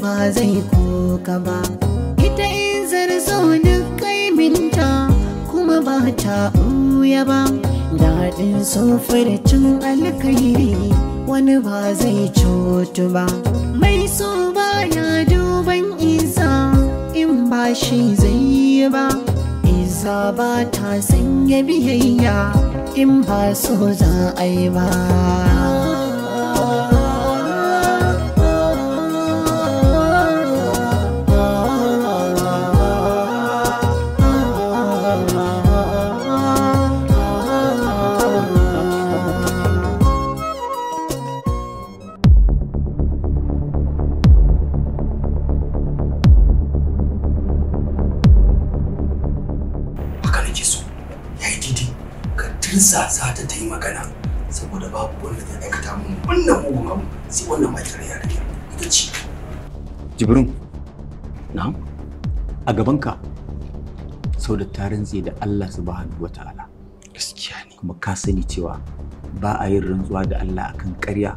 ba zai koka ba ita in zarzo na kaiminta kuma ba ta uya ba daɗin cin alkairi wani ba zai cutu ba mai so ba ya duban isa in ba shi zai yi ba isa ba ta sanya biyayya in ba so za a yi ba tirsasa ta ta yi magana saboda babu wanda zai aikata mun wannan mugun abu sai wannan matar yarinya ita ce jibrin na'am a gabanka sau da tarin zai da Allah subhanahu wataala gaskiya ne kuma ka sani cewa ba a yin rantsuwa da Allah akan ƙarya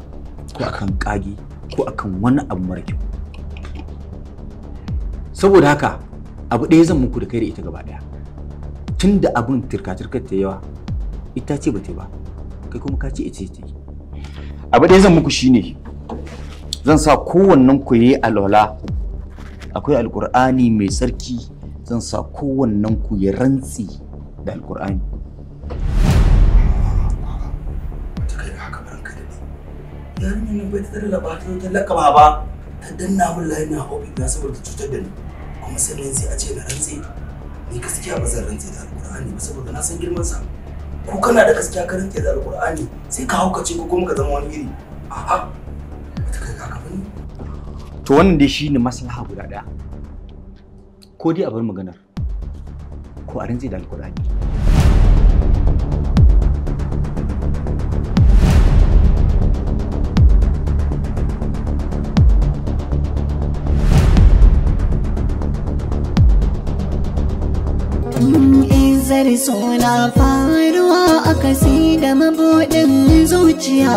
ko akan ƙagi ko akan wani abu mara kyau saboda haka abu ɗaya zan muku da kai da ita gaba ɗaya tun da abin turka ta yawa ita ce ba ta ba kai kuma ka ce ita ce abu da zan muku shine zan sa kowannen ku yi alwala akwai alkur'ani mai sarki zan sa kowannen ku ya rantsi da alkur'ani yarinyar nan bai ta lallaba ta ta lakaba ba ta danna min layi na hobi na saboda cutar da ni kuma sannan sai a ce na rantse ni gaskiya ba zan rantse da alkur'ani ba saboda na san girman sa ko kana da gaskiya ka rinke da alƙur'ani sai ka haukace ko kuma ka zama wani iri aha ta kai haka bane to wannan dai shine maslaha guda daya ko dai a bar maganar ko a rinje da alƙur'ani zarso na faruwa a kasi da mabuɗin zuciya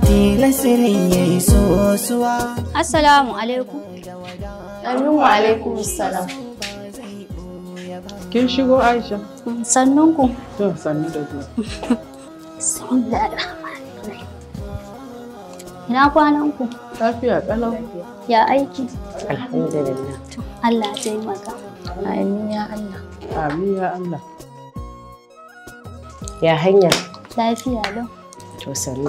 tilasirin ya yi sosuwa. Assalamu alaikum. Aminu alaikum salam. Kin shigo Aisha? Sannun ku. Tun sannu da zuwa. Bismillah Ina kwanan ku? Lafiya ƙalau. Ya aiki? Alhamdulillah. Allah ya taimaka. Amin ya Allah. Amin ya Allah. Ya hanya? Lafiya lo. To sannu.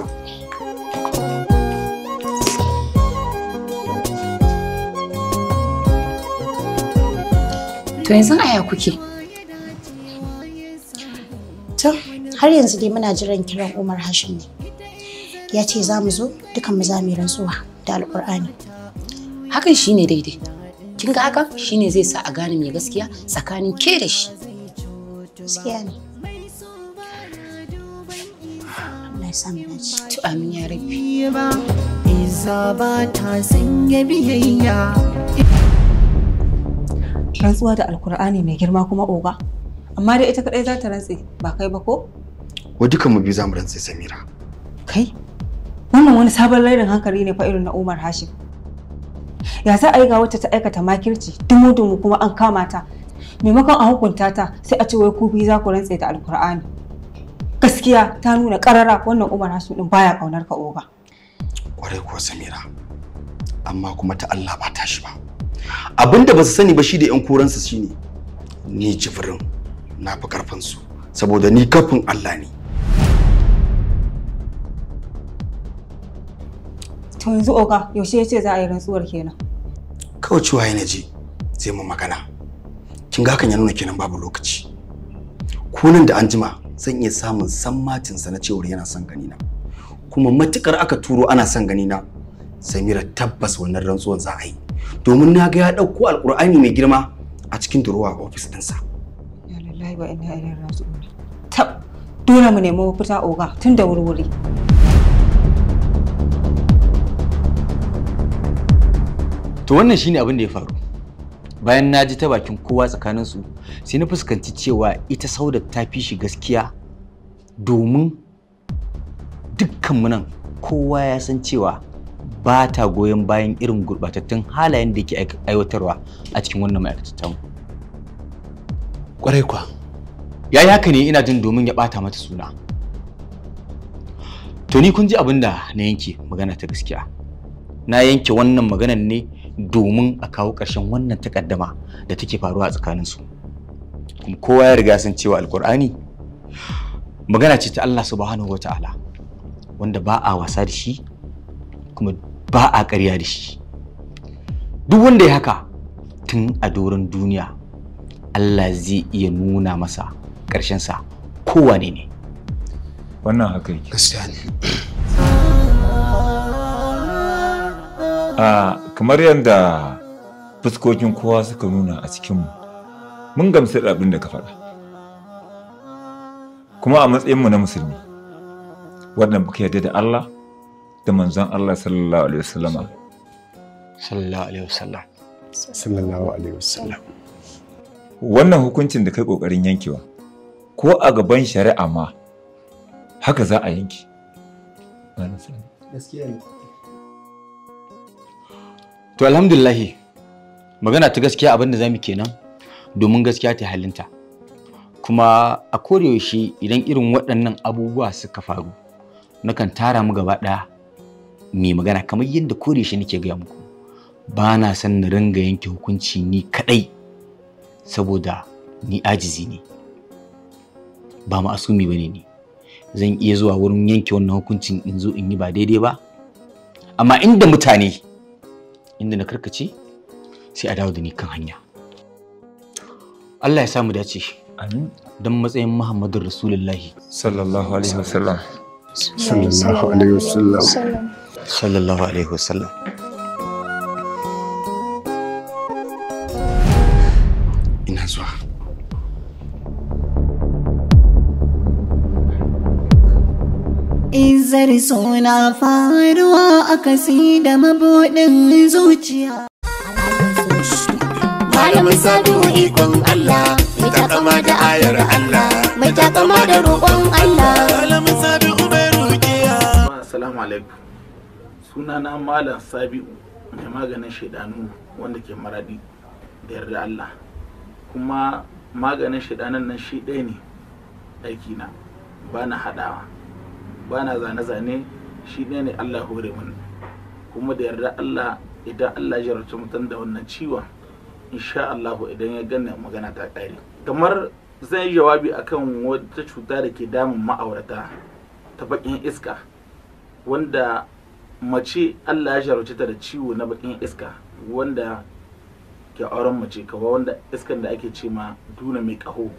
To yanzu aya kuke? To, har yanzu dai muna jiran kiran Umar Hashim ne. Ya ce za mu zo dukan mu za mu rantsuwa da Alƙur'ani. Hakan shine daidai. Kin ga haka shine zai sa a gane mai gaskiya tsakanin ke da shi. Gaskiya ne. Allah ya to amin ya rabbi Iza ba ta rantsuwa da alkur'ani mai girma kuma oga amma dai ita kadai za ta rantse ba kai ba ko wa dukan mu biyu za mu rantse samira kai wannan wani sabon rairin hankali ne fa irin na umar hashim ya za a yi ga wata ta aikata makirci dumu-dumu kuma an kama ta maimakon a hukunta ta sai a ce wai ku biyu za ku rantse da alkur'ani gaskiya ta nuna karara wannan Umar nasu din baya kaunar ka oga. Kwarai kuwa Samira. Amma kuma ta Allah ba ta shi ba. Abinda ba su sani ba shi da yan koransu shine ni jifirin na fi karfin su saboda ni kafin Allah ne. To yanzu oga yaushe ya ce za a yi rantsuwar kenan. Kawai ciwa yana ji sai mu magana. Kin ga hakan ya nuna kenan babu lokaci. Kunan da anjima zan iya samun sammatinsa na cewar yana son ganina kuma matukar aka turo ana son ganina samira tabbas wannan rantsuwan za a yi domin na ga ya ɗauko alƙur'ani mai girma a cikin durowa a ofis ɗinsa. ya lallahi ina irin tab dole mu nemi mafita oga tun da wurwuri. To wannan shine abin da ya faru. bayan na ji ta bakin kowa tsakaninsu sai na fuskanci cewa ita sauda ta fi shi gaskiya domin dukkanmu nan kowa ya san cewa ba ta goyon bayan irin gurɓatattun halayen da ke aiwatarwa a cikin wannan ma'aikatattun kwarai kwa ya yi haka ne ina jin domin ya ɓata mata suna to ni kun ji abin da na yanke magana ta gaskiya na yanke wannan maganar ne domin a kawo ƙarshen wannan takaddama da take faruwa a tsakaninsu kowa ya riga sun cewa alkur'ani magana ce ta Allah subhanahu wata'ala wanda ba a wasa da shi kuma ba a ƙarya da shi duk wanda ya haka tun a doron duniya Allah zai iya nuna masa ƙarshensa kowane ne wannan haka yake kamar yadda fuskokin kowa suka nuna a cikinmu mun gamsu da abin da ka faɗa kuma a matsayinmu na musulmi wannan muka yarda da Allah da manzon Allah sallallahu alaihi wasallam sallallahu alaihi wasallam sallallahu alaihi wasallam wannan hukuncin da kai kokarin yankewa ko a gaban shari'a ma haka za a yanki gaskiya ne to alhamdulillahi magana ta gaskiya abinda da za mu kenan domin gaskiya ta halinta kuma a kodayaushe idan irin waɗannan abubuwa suka faru nakan tara mu gaba ɗaya mai magana kamar yadda kodayaushe nake gaya muku ba na son na ringa yanke hukunci ni kaɗai saboda ni ajizi ne ba ma'asumi ba ne ni zan iya zuwa wurin yanke wannan hukuncin in zo in yi ba daidai ba amma inda mutane inda na karkace sai a dawo da ni kan hanya Allah ya samu dace amin dan matsayin Muhammadur Rasulullahi sallallahu alaihi wasallam sallallahu alaihi wasallam sallallahu alaihi wasallam zar na faruwa kasi da mabuɗin zuciya. Malamin sadu ikon Allah, mai kama da ayar Allah, mai kama da roƙon Allah. Malamin sadu mai rukiya. Assalamu alaikum. na Malam Sabi'u mai maganin shaidanu wanda ke maradi da yarda Allah. Kuma maganin shaidanan nan shi ɗaya ne aikina ba na haɗawa. bana zane-zane shi ne ne Allah hore mun kuma da yarda Allah idan Allah ya rarci mutum da wannan ciwon insha Allah idan ya ganna magana ta ƙare kamar zan yi jawabi akan wata cuta da ke damun ma'aurata ta bakin iska wanda mace Allah ya jarrace ta da ciwo na bakin iska wanda ke auren mace kawai wanda iskan da ake ce ma duna mai kaho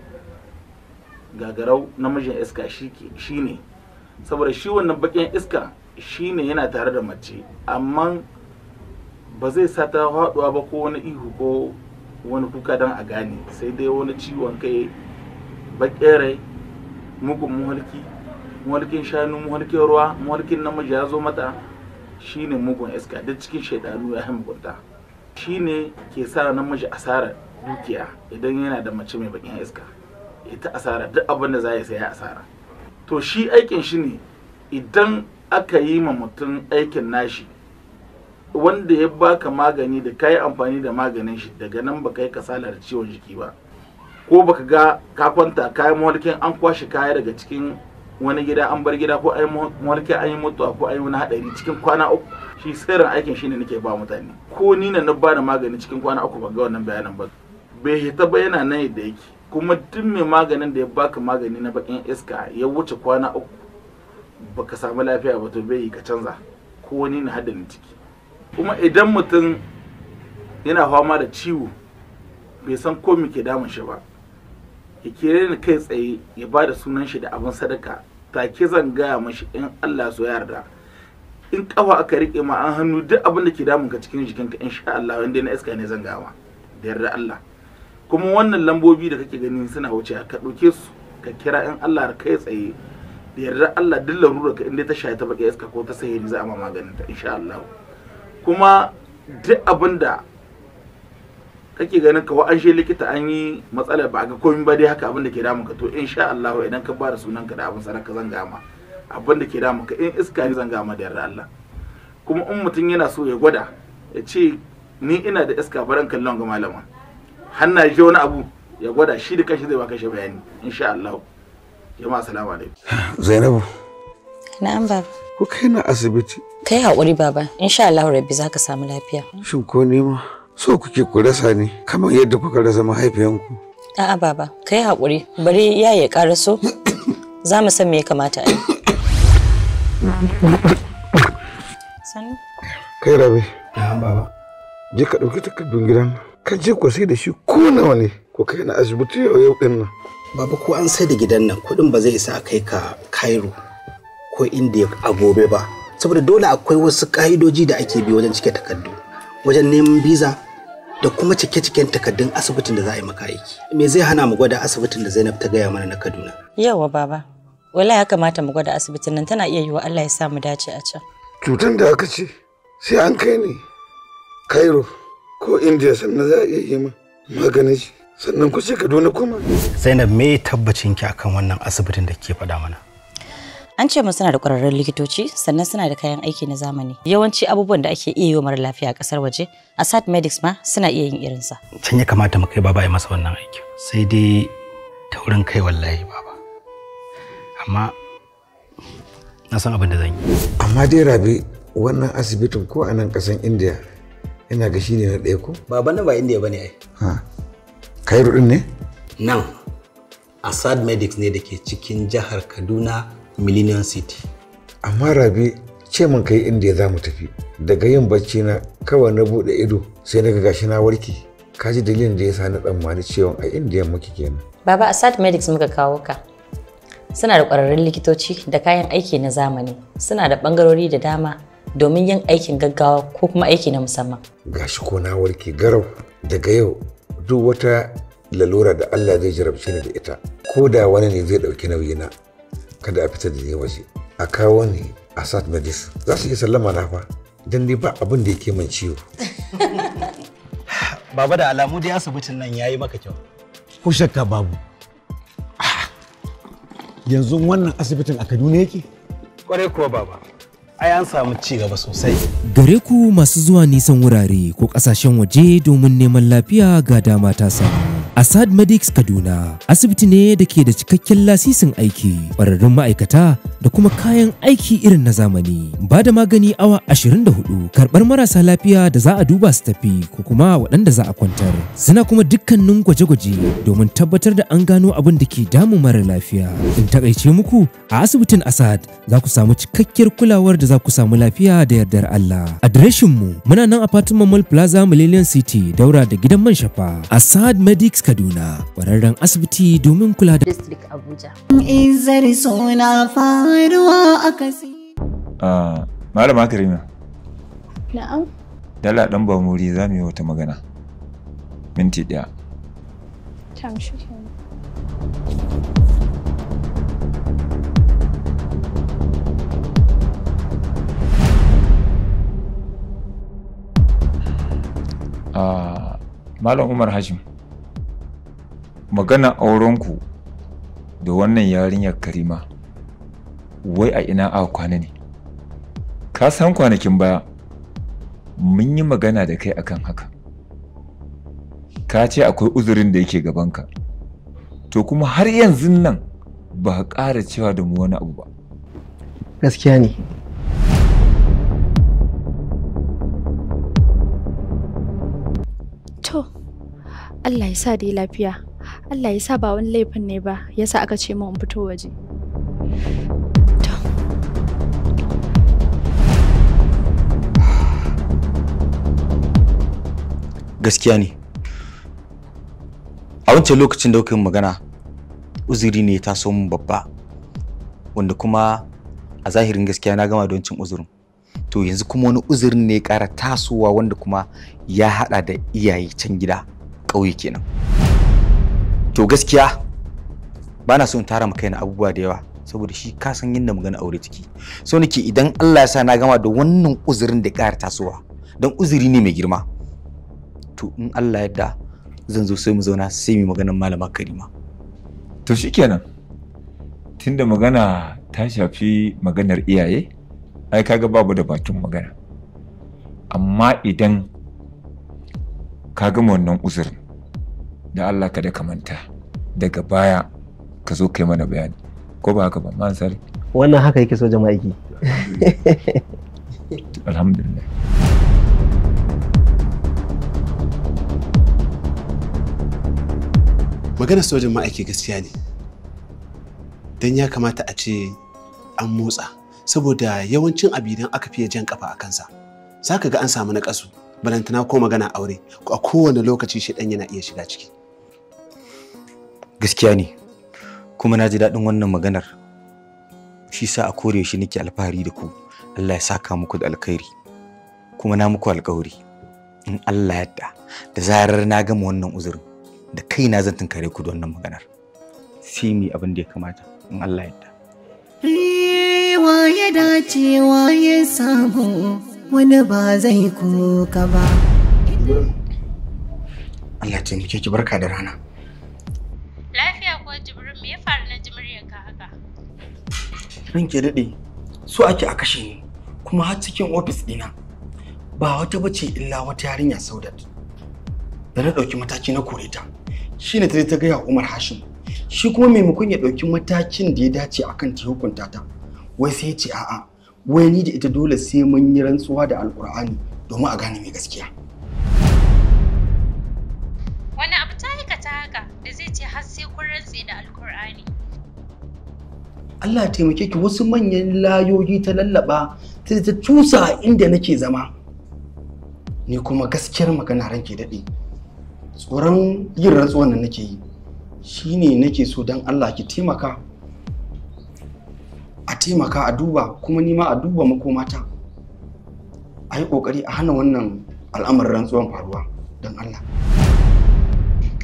gagarau namijin iska shi ne saboda shi wannan bakin iska shine yana tare da mace amma ba zai sa ta haɗuwa ba ko wani ihu ko wani kuka don a gane sai dai wani ciwon kai bakin rai mugun muhalki muhalkin shanu muhalkin ruwa muhalkin namiji ya zo mata shine mugun iska duk cikin shaidanu ya haimukunta shine ke sa namiji asarar dukiya idan yana da mace mai bakin iska ita asara duk abin da za ya sai ya asara to shi aikin shi ne idan aka yi ma mutum aikin nashi wanda ya baka magani da ka amfani da maganin shi daga nan baka yi kasala ciwon jiki ba ko baka ga ka kwanta kayan mawalkin an kwashe kaya daga cikin wani gida an bar gida ko ayi mawalkin an yi mutuwa ko ayi wani haɗari cikin kwana uku shi sirrin aikin shi ne nake ba mutane ko ni na ba da magani cikin kwana uku ba ga wannan bayanan ba bai hita ba yana nan yadda yake kuma duk mai maganin da ya baka magani na bakin iska ya wuce kwana uku baka samu lafiya ba to bai ka canza ko wani na hadarin ciki kuma idan mutum yana fama da ciwo bai san ko me ke damun shi ba ya kere ni kai tsaye ya ba da sunan shi da abin sadaka take zan gaya mashi in Allah so yarda in kafa aka rike ma an hannu duk abin da ke damun ka cikin jikinka insha Allah wanda na iska ne zan gawa da yarda Allah kuma wannan lambobi da kake gani suna wuce ka ɗauke su ka kira in Allah kai tsaye da yarda Allah duk larurar ka inda ta shaye ta baka iska ko ta sahiri za a ma maganin ta insha Allah kuma duk abin kake ganin ka an she likita an yi matsala ba ga komai ba dai haka abin ke damun ka to insha Allah idan ka bada sunan ka da abin sanaka zan gama abin da ke damun ka in iska ne zan gama da yarda Allah kuma in mutum yana so ya gwada ya ce ni ina da iska baran kallon ga malama hannaye ji wani abu ya gwada shi da kashi zai baka shi bayani insha Allah jama'a assalamu alaikum Zainabu na'am baba ko kai na asibiti kai haƙuri baba insha Allah rabbi zaka samu lafiya shin ko ne ma so kuke ku rasa ni kamar yadda kuka rasa mahaifiyanku a'a baba kai haƙuri bari ya ya ƙara so za mu san me ya kamata a yi sani kai rabe na'am baba je ka ɗauki takardun gidan ka je ku sai da shi ko nawa ne ku kai na asibiti yau yau din nan baba ko an sai da gidan nan kuɗin ba zai isa kai ka Cairo ko India a gobe ba saboda dole akwai wasu ka'idoji da ake bi wajen cike takardu wajen neman biza da kuma cike-ciken takardun asibitin da za a yi maka aiki me zai hana mu gwada asibitin da Zainab ta gaya mana na Kaduna yawa baba wala ya kamata mu gwada asibitin nan tana iya yiwa Allah ya sa mu dace a can cutan da aka ce sai an kai ne Cairo ko indiya sannan za a iya yi ma maganin shi sannan ku ce kaduna kuma zainab me tabbacin ki akan wannan asibitin da ke faɗa mana an ce mu suna da ƙwararrun likitoci sannan suna da kayan aiki na zamani yawanci abubuwan da ake iya yi mara lafiya a ƙasar waje asad medics ma suna iya yin irinsa can ya kamata mu kai baba ya masa wannan aiki sai dai ta wurin kai wallahi baba amma na san abin da zan yi amma dai rabi wannan asibitin ko a nan ƙasan indiya Ina ga shi ne na ɗaya ko? Baba na ba indiya ba ne ai. Ha. ɗin ne? Nan. assad Medics ne da ke cikin jihar Kaduna Millennium City. Amma Rabi ce min kai ya za mu tafi. Daga yin bacci na kawai na buɗe ido sai na ga gashi na warki. Ka ji dalilin da ya sa na tsammani cewa a indiya muke kenan. Baba assad Medics muka kawo ka. Suna da ƙwararrun likitoci da kayan aiki na zamani. Suna da ɓangarori da dama domin yin aikin gaggawa ko kuma aiki na musamman. Gashi ko na warke garau daga yau duk wata lalura da Allah zai jarabce ni da ita ko da wani ne zai ɗauki nauyina kada a fita da ni waje a kawo ni a sat medis za su yi sallama na fa don ni ba abin da yake min ciwo. Baba da alamu dai asibitin nan yayi maka kyau. Ko shakka babu. Ah, yanzu wannan asibitin a Kaduna yake? Kwarai kuwa baba. ai an samu ci gaba sosai. Gare ku masu zuwa nisan wurare ko ƙasashen waje domin neman lafiya ga dama ta samu. Asad Medics Kaduna asibiti ne da ke da cikakken lasisin aiki, ƙwararrun ma'aikata da kuma kayan aiki irin na zamani. Ba da magani awa 24, karɓar marasa lafiya da za a duba su tafi ko kuma waɗanda za a kwantar. Suna kuma dukkanin gwaje-gwaje domin tabbatar da an gano abin da ke damu mara lafiya. In takaice muku a asibitin Asad za ku samu cikakkiyar kulawar da za ku samu lafiya da yardar Allah. Adireshin mu muna nan a Fatima Mall Plaza Millennium City daura da gidan man shafa. Asad Medics Kaduna, ƙwararren asibiti domin kula da District Abuja. Ah, Malama Karima. Dala ɗan ba muri za mu yi wata magana. Minti ɗaya. Tam ah, Malam Umar Hajim. magana aurenku da wannan yarinyar karima wai a ina a kwana ne ka san kwanakin baya mun yi magana da kai akan haka ka ce akwai uzurin da yake gabanka to kuma har yanzu nan ba ka ƙara cewa da mu wani abu ba gaskiya ne to Allah ya sa dai lafiya Allah ya sa ba wani laifin ne ba yasa aka ce mu fito waje gaskiya ne a wancan lokacin da kuka magana uzuri ne ta so mun babba wanda kuma a zahirin gaskiya na gama don cin uzurin to yanzu kuma wani uzurin ne ya ƙara tasowa wanda kuma ya haɗa da iyaye can gida ƙauye kenan to gaskiya ba na so in tara maka yana abubuwa da yawa saboda shi ka san yadda magana aure ciki so nake idan Allah ya sa na gama da wannan uzurin da ƙara tasowa don uzuri ne mai girma to in Allah yadda zan zo sai mu zauna sai mu maganar malama Karima to shikenan tunda magana ta shafi maganar iyaye ai kaga babu da bakin magana amma idan ka gama wannan uzurin da Allah kada ka manta daga baya ka zo kai mana bayani ko ba haka ba man wannan haka yake so jama'a alhamdulillah Magana sojan ma'aiki gaskiya ne don ya kamata a ce an motsa saboda yawancin abu idan aka fiye jan kafa a kansa za ka ga an samu na ƙasu balantana ko magana aure a kowane lokaci shi yana iya shiga ciki gaskiya ne kuma na ji daɗin wannan maganar shi sa a kore shi nake alfahari da ku Allah ya saka muku da alkhairi kuma na muku alkawari in Allah ya da da zarar na gama wannan uzurin da kaina zan tunkare ku da wannan maganar sai mi abin da ya kamata in Allah ya wa ya dace wa ya samu wani ba zai kuka ba Allah ya taimake ki barka da rana ranke daɗe su ake a kashe ni kuma har cikin ofis ɗina ba wata bace illa wata yarinya saudat da na ɗauki mataki na kore ta shine ta ta gaya umar hashim shi kuma maimakon ya ɗauki matakin da ya dace akan ta hukunta ta wai sai ya ce a'a wai ni da ita dole sai mun yi rantsuwa da alkur'ani domin a gane mai gaskiya wani abu ta ta haka da zai ce har sai kun rantse da alkur'ani Allah ya taimake ki wasu manyan layoyi ta lallaba ta ta tusa inda nake zama ni kuma gaskiyar magana ranke daɗe tsoron yin rantsuwan nan nake yi shine nake so don Allah ki taimaka a taimaka a duba kuma nima a duba makomata a yi ƙoƙari a hana wannan al'amarin rantsuwan faruwa don Allah.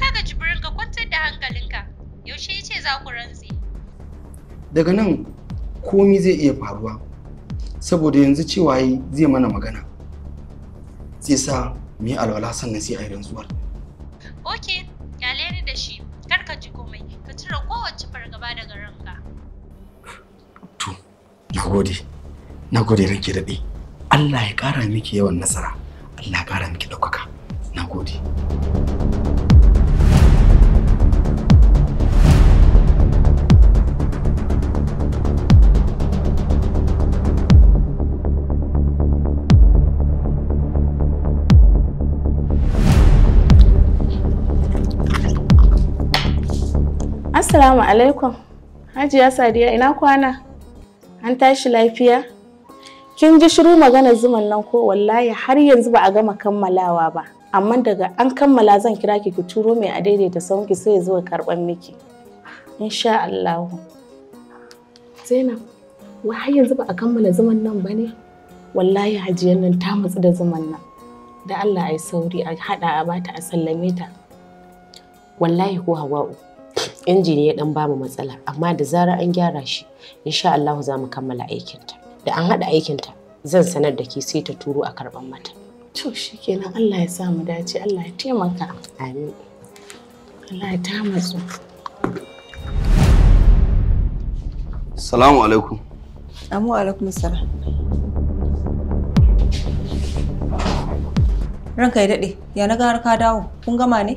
Kaga Jibrin ka kwantar da hankalinka yaushe ce za ku rantsi. daga nan komi zai iya faruwa saboda yanzu cewa yi zai mana magana zai sa mu yi alwala sannan sai a yi rantsuwar ok da shi kar ka ji komai ka cire kowace fargaba daga ranka to na gode na gode ranke daɗe allah ya ƙara miki yawan nasara allah ya ƙara miki ɗaukaka na gode Assalamu alaikum. Hajiya Sadiya ina kwana? An tashi lafiya? Kin ji shiru magana zuman nan ko wallahi har yanzu ba a gama kammalawa ba. Amma daga an kammala zan kira ki ki turo mai a daidaita sauki sai ya zo karban miki. Insha Allah. Zainab, wa har yanzu ba a kammala zuman nan ba ne? Wallahi hajiyar nan ta matsu da zuman nan. Da Allah ai sauri a haɗa a bata a sallame ta. Wallahi ko Hawa'u. injin ya dan bamu matsala amma da zarar an gyara shi insha Allah za mu kammala aikinta da an hada aikinta zan sanar da ke sai ta turo a karban mata to shikenan Allah ya sa mu dace Allah ya taimaka amin Allah ya tamatsu Salamu alaikum Amu alaikum salam Ranka ya daɗe, ya na har ka dawo, kun gama ne?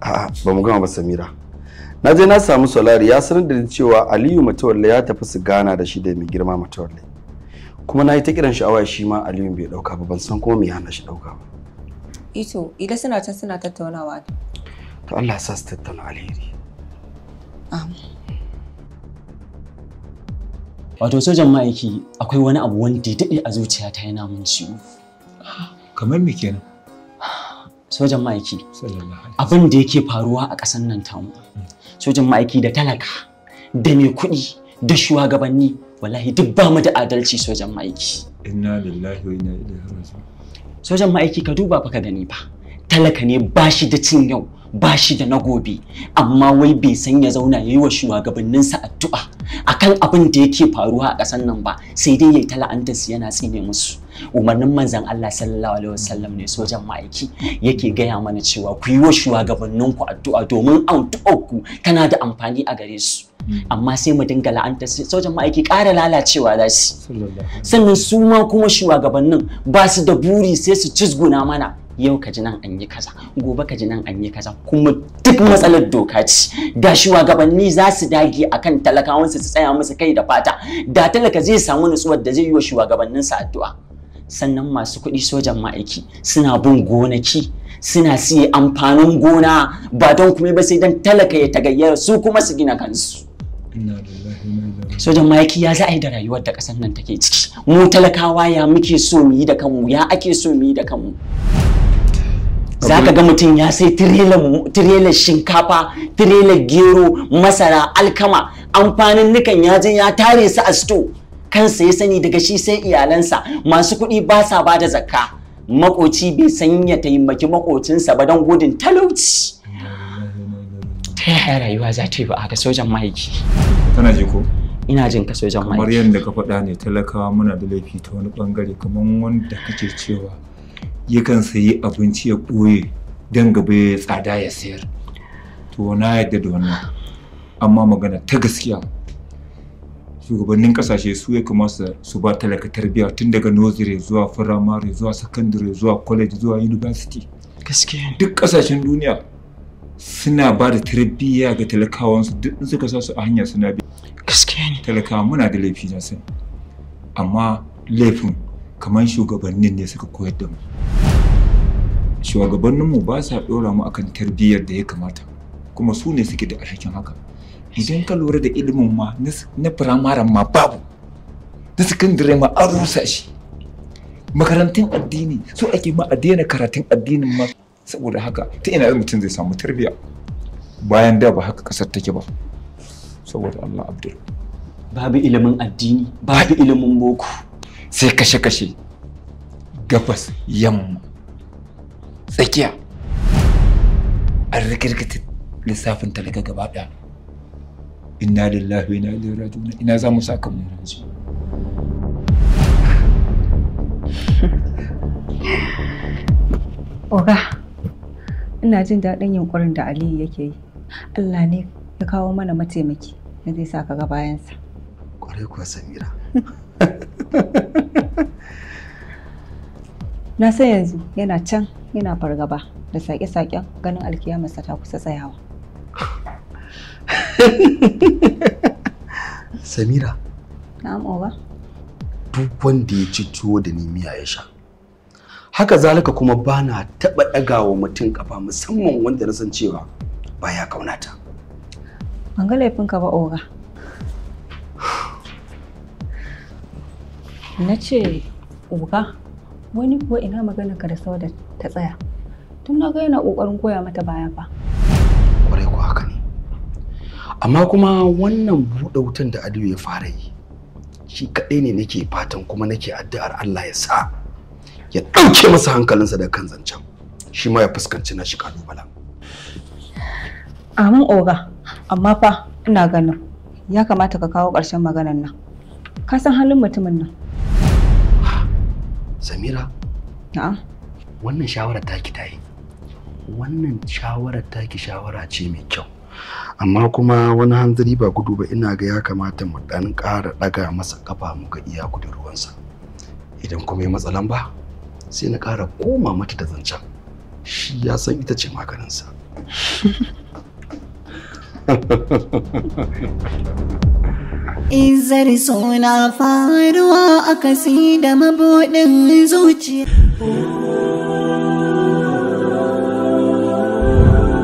A'a, ba mu gama ba Samira. na je na samu solari ya sanar da ni cewa aliyu matawalle ya tafi su gana da shi da mai girma matawalle kuma na yi ta kiran sha'awa shi ma aliyu bai dauka ba ban san kuma me hana shi dauka ba ito idan suna can suna tattaunawa ne. to Allah sa su tattauna alheri wato sojan ma'aiki akwai wani abu wanda ya daɗe a zuciyata yana mun ciwo kamar me kenan sojan ma'aiki abin da yake faruwa a ƙasar nan tamu hmm. sojin ma'aiki da talaka da mai kuɗi da shugabanni wallahi duk ba mu da adalci sojan ma'aiki inna lillahi wa inna ilaihi raji'un sojan ma'aiki ka duba fa ka gani ba talaka ne ba shi da cin yau ba shi da na gobe amma wai bai san ya zauna ya yi wa shugabanninsa addu'a akan abin da yake faruwa a ƙasar nan ba sai dai yayi tala'antarsu yana tsine musu umarnin manzan Allah sallallahu alaihi wasallam ne sojan ma'aiki yake gaya mana cewa ku yi wa shugabanninku addu'a domin an ku tana da amfani a gare su hmm. amma sai mu dinga la'anta sojan ma'aiki ƙara lalacewa za su sannan su ma kuma shugabannin ba su da buri sai su cizguna mana yau ka ji nan an yi kaza gobe ka ji nan an yi kaza kuma duk matsalar doka ce da shugabanni za su dage akan talakawansu su tsaya musu kai da fata da talaka zai samu nutsuwar da zai yi wa shugabanninsa addu'a sannan masu kuɗi sojan ma'aiki suna bin gonaki suna siye amfanin gona ba don kuma ba sai don talaka ya tagayyara su kuma su gina kansu sojan ma'aiki ya za a yi da rayuwar da ƙasar nan take ciki mu talakawa ya muke so mu yi da kanmu ya ake so mu yi da kanmu za ka ga mutum ya sai tirelar shinkafa tirelar gero masara alkama amfanin nukan ya je ya tare su a sto kansa ya sani daga shi sai iyalansa masu kuɗi ba sa ba da zakka makoci bai san ya taimaki makocinsa ba don gudun talauci ta yaya rayuwa za ta yi ba a sojan tana ji ko ina jin ka sojan mahaiki. kamar yadda ka faɗa ne talakawa muna da laifi ta wani bangare kamar wanda kake cewa yakan sayi abinci ya ɓoye don gaba ya tsada ya sayar to na yadda da wannan amma magana ta gaskiya shugabannin kasashe su ya kamata su ba talaka tarbiyya tun daga nursery zuwa firamare zuwa secondary zuwa college zuwa university gaskiya duk kasashen duniya suna ba da tarbiyya ga talakawansu duk in suka sa su a hanya suna bi gaskiya ne talakawa muna da laifi na amma laifin kamar shugabannin ne suka koyar da mu shugabanninmu ba sa ɗora mu akan tarbiyyar da ya kamata kuma su ne suke da alhakin haka idan ka lura da ilimin ma na firamaren ma babu na sakandare ma an shi makarantun addini so ake ma a daina karatun addinin ma saboda haka ta ina mutum zai samu tarbiyya bayan da ba haka kasar take ba saboda Allah Abdul babu ilimin addini babu ilimin boko sai kashe-kashe gabas yamma tsakiya an rikirkita lissafin talaka gaba ɗaya inna lillahi wa inna ilaihi raji'un ina za mu saka mu yanzu Oga, ina jin daɗin yunkurin da Aliyu yake yi. Allah ne ya kawo mana mataimaki da zai saka ga bayansa. Kwarai kuwa Samira. Na san yanzu yana can yana fargaba da saƙe-saƙen ganin alkiyamarsa ta kusa tsayawa. Samira. Na'am oba. Duk wanda ya ci tuwo da ni miya ya sha. Haka zalika kuma ba na taɓa ɗagawa mutum kafa musamman wanda na san cewa baya kaunata. Ban ga laifinka ba oga. Na ce oga wani kuwa ina magana ka da sauda ta tsaya. Tun na ga yana ƙoƙarin koya mata baya ba. amma kuma wannan buɗe wutan da aliyu ya fara yi shi kaɗai ne nake fatan kuma nake addu'ar allah ya sa ya ɗauke masa hankalinsa da kan zancen shi ma ya fuskanci na shi kalubalen amin oga amma fa ina ganin ya kamata ka kawo ƙarshen maganar nan ka san halin mutumin nan samira na'am wannan shawara taki ta yi wannan shawara taki shawara ce mai kyau amma kuma wani hanzari ba gudu ba ina ga ya kamata mu dan ƙara ɗaga masa ƙafa mu ga iya kudin ruwansa idan kuma ya matsalan ba sai na ƙara koma mata da zancen shi ya san ita ce maganinsa Izar suna faruwa a kasi da mabuɗin zuciya.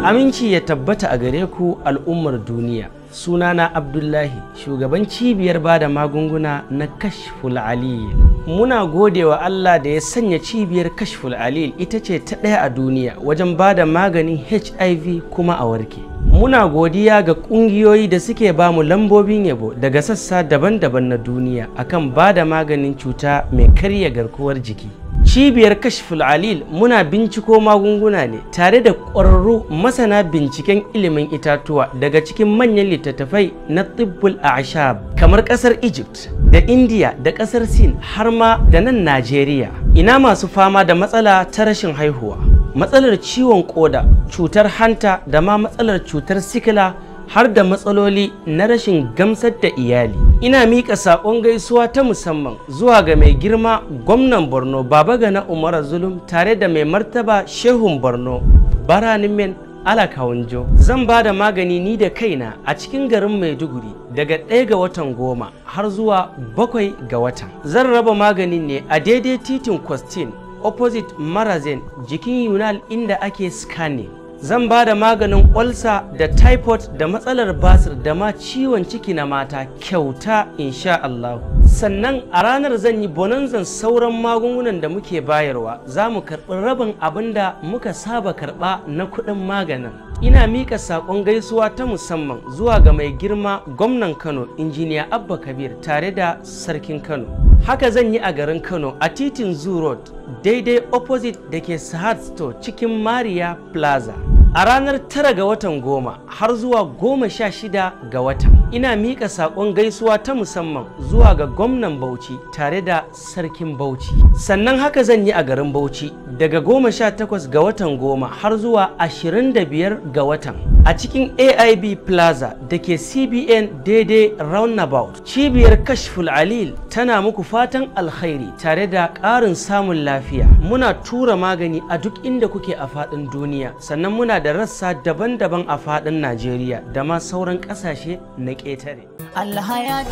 Aminci ya tabbata a gare ku al'ummar duniya. Sunana Abdullahi, shugaban cibiyar bada magunguna na Kashful Alil. Muna godewa Allah da ya sanya cibiyar Kashful Alil ita ce ta ɗaya a duniya wajen bada maganin HIV kuma a warke. Muna godiya ga ƙungiyoyi da suke ba mu lambobin yabo daga sassa daban-daban na duniya akan ba da maganin cuta mai karya garkuwar jiki. cibiyar kashiful alil muna binciko magunguna ne tare da ƙwararru masana binciken ilimin itatuwa daga cikin manyan littattafai na tibbul ashab kamar ƙasar egypt da india da ƙasar sin har ma da nan najeriya ina masu fama da matsala ta rashin haihuwa matsalar ciwon koda cutar hanta da ma matsalar cutar sikila har da matsaloli na rashin gamsar da iyali ina mika saƙon gaisuwa ta musamman zuwa ga mai girma gwamnan borno baba gana umara zulum tare da mai martaba shehun borno baranin men alakawunjo zan ba da magani ni da kaina a cikin garin maiduguri daga ɗaya ga watan goma har zuwa bakwai ga watan zan raba maganin ne a daidai titin kwastin opposite marazin jikin yunal inda ake scanning zan ba da maganin olsa da typhoid da matsalar basir da ma ciwon ciki na mata kyauta insha Allah sannan a ranar zan yi bonanzan sauran magungunan da muke bayarwa za mu karɓi rabin abin da muka saba karɓa na kuɗin maganin ina mika saƙon gaisuwa ta musamman zuwa ga mai girma gwamnan kano injiniya abba kabir tare da sarkin kano haka zan yi a garin kano a titin zoo road daidai opposite da ke sahad store cikin maria plaza A ranar tara ga watan goma har zuwa goma sha shida ga wata ina miƙa saƙon gaisuwa ta musamman zuwa ga gwamnan Bauchi tare da sarkin Bauchi. Sannan haka zan yi a garin Bauchi daga goma sha takwas ga watan goma har zuwa ashirin da biyar ga watan. A cikin AIB Plaza da ke CBN daidai roundabout cibiyar Kashful Alil tana muku fatan alkhairi tare da ƙarin samun lafiya. Muna tura magani a duk inda kuke a faɗin duniya sannan muna da rassa daban-daban a fadin Najeriya da ma sauran kasashe na ƙetare. Alhayat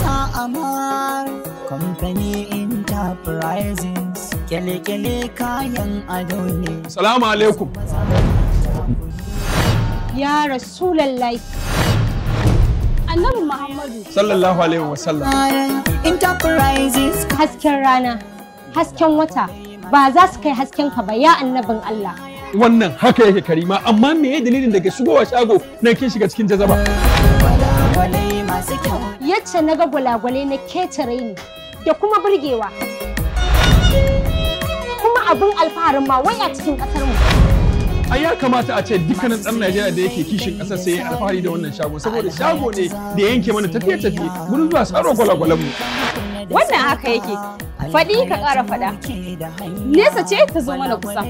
sa Amar Company Enterprises kele-kele kayan ado ne. Salamu alaikum. Ya Rasulallah. Annabi Muhammadu. Sallallahu Alaihi Wasallam. Enterprises. Hasken rana, hasken wata, ba za su kai hasken ka ba ya annabin Allah. wannan haka yake karima amma me ya dalilin da ke shigowa shago na kin shiga cikin jazaba yacce na ga gwalagwale na ketare ni da kuma burgewa kuma abin alfaharin ma wai a cikin ƙasar mu a ya kamata a ce dukkanin ɗan Najeriya da yake kishin ƙasa sai ya alfahari da wannan shago saboda shago ne da yanke mana tafiye-tafiye gurin zuwa tsaro gwalagwalan mu. Wannan haka yake faɗi ka ƙara faɗa nesa ce ta zo mana kusa